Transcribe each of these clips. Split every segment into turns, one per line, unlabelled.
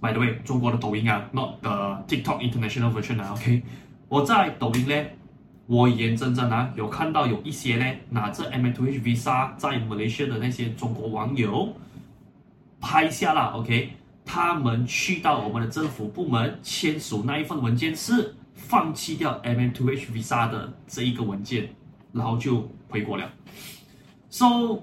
By the way，中國的抖音啊，not the TikTok international version 啊，OK？我在抖音呢，我眼睜睜啊，有看到有一些呢，拿著 MM2H visa 在 Malaysia 的那些中國網友拍下了，OK？他們去到我們的政府部門簽署那一份文件，是放棄掉 MM2H visa 的這一個文件，然後就回國了。So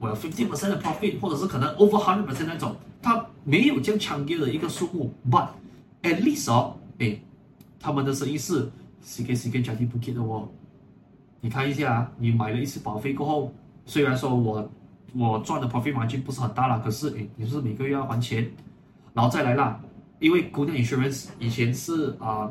我有 fifteen percent 的 profit，或者是可能 over hundred percent 嗰種，佢冇有這樣搶的一個數目，but at least 哦，誒，他們的生意是 secure，secure 家庭 budget 嘅喎。你看一下，你買了一次保費過後，雖然說我我賺的 profit 已經不是很大啦，可是你你是每個月要還錢，然後再來啦，因為姑娘 insurance 以前是啊。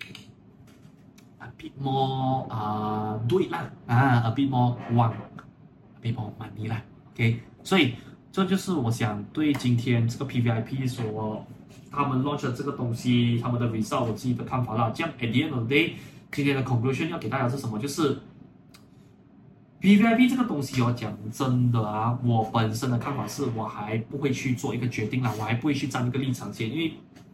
more 啊 d 啦啊 a b i more one b i more money 啦，ok 所以這就是我想對今天這個 P V I P 說，他們落下 u 這個東西，他們的 result 我自己的看法啦。咁 at the end of the day，今天的 conclusion 要給大家是什麼？就是 P V I P 這個東西哦，講真的啊，我本身的看法是我還不會去做一個決定啦，我還不會去站這個立場線，因為。